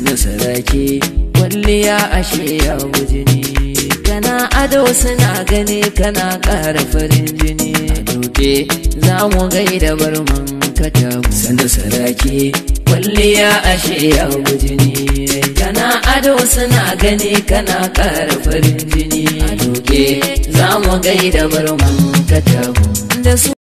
sani saraki kwalliya ashe ya jini kana ado suna gani kana ƙara farin jini a doke za mu gaida barman kata sani saraki kwalliya ashe ya jini kana ado suna gani kana ƙara farin jini a doke za mu gaida barman ka ta